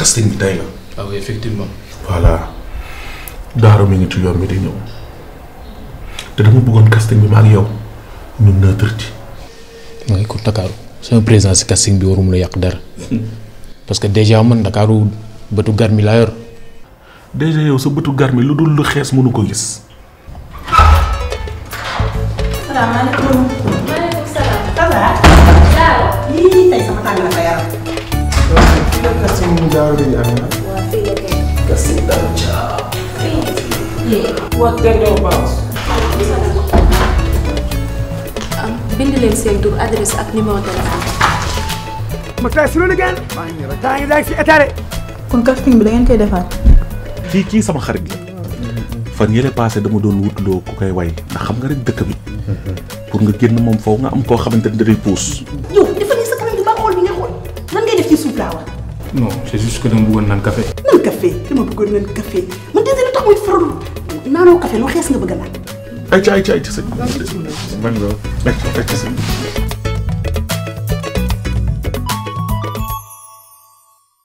casting bi tey la. ah effectivement. voilà Daara mi ngi ci yoon bi di ñëw te dama bëggoon casting bi ma ak yow ñu neutre ci. mooy kon Ndakaaru sama présence si casting bi waru mun yàq dara parce que déjà man Ndakaaru bëtu garmi laa yor. déjà yow sa bëtu garmi lu dul lu xees mënu ko gis. da ka kon casting bi da ngeen koy defaat kii kii sama xarit la fan yële passé dama doon wutloo ku koy way ndax xam nga rek dëkk bi pour nga génn moom faw nga am koo xamante ne da lay puus yow dafa sa kanam bi baaxool bi nga xool lan ngay def ci suuf laa wax non c'est juste que dama bëggoon naan café. naan café dama bëggoon naan café man dina la tax muy faral naanoo café lu xees nga bëgg a naan. ayca ayca ayca sëñ bi. man nga ayca sëñ bi.